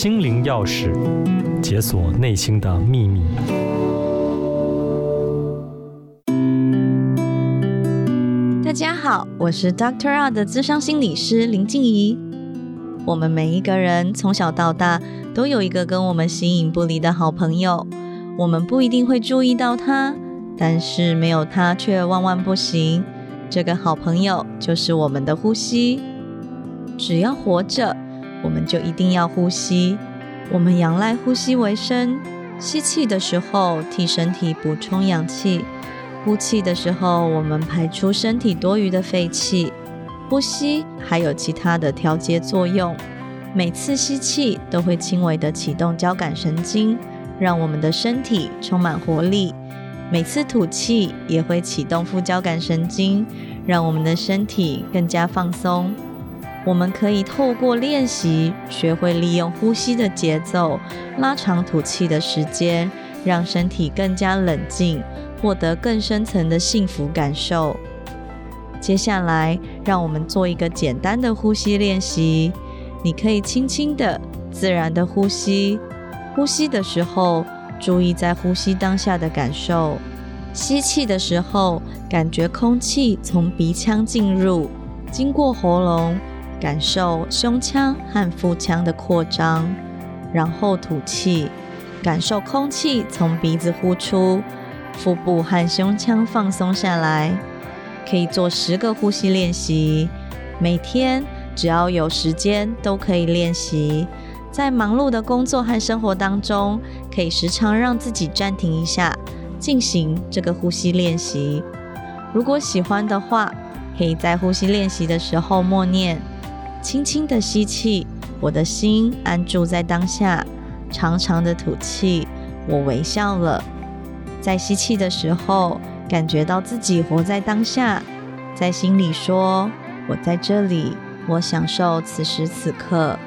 心靈鑰匙，解鎖內心的秘密。大家好，我是 Doctor R 的資深心理師林靜怡。我們每一個人從小到大都有一個跟我們形影不離的好朋友，我們不一定會注意到他，但是沒有他卻萬萬不行。這個好朋友就是我們的呼吸，只要活着。我們就一定要呼吸，我們仰賴呼吸為生。吸氣的時候，替身體補充氧氣；呼氣的時候，我們排出身體多餘的廢氣。呼吸還有其他的調節作用。每次吸氣都會輕微的啟動交感神經，讓我們的身體充滿活力；每次吐氣也會啟動副交感神經，讓我們的身體更加放鬆。我們可以透過練習，學會利用呼吸的節奏，拉長吐氣的時間，讓身體更加冷靜，獲得更深層的幸福感受。接下來，讓我們做一個簡單的呼吸練習。你可以輕輕的、自然的呼吸。呼吸的時候，注意在呼吸當下的感受。吸氣的時候，感覺空氣從鼻腔進入，經過喉嚨。感受胸腔和腹腔的擴張，然後吐氣，感受空氣從鼻子呼出，腹部和胸腔放鬆下來。可以做十個呼吸練習，每天只要有時間都可以練習。在忙碌的工作和生活當中，可以時常讓自己暫停一下，進行這個呼吸練習。如果喜歡的話，可以在呼吸練習的時候默念。輕輕的吸氣，我的心安住在當下；長長的吐氣，我微笑了。在吸氣的時候，感覺到自己活在當下，在心裡說：“我在這裡，我享受此時此刻。”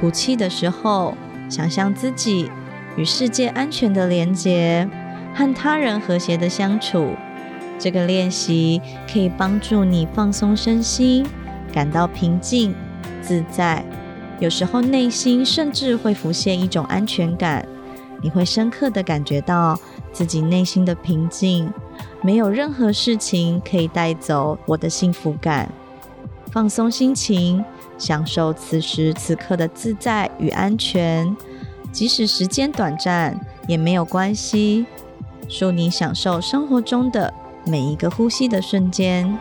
吐氣的時候，想象自己與世界安全的連接，和他人和諧的相處。這個練習可以幫助你放鬆身心。感到平靜、自在，有時候內心甚至會浮現一種安全感。你會深刻地感覺到自己內心的平靜，沒有任何事情可以帶走我的幸福感。放鬆心情，享受此時此刻的自在與安全，即使時間短暫也沒有關係。祝你享受生活中的每一個呼吸的瞬間。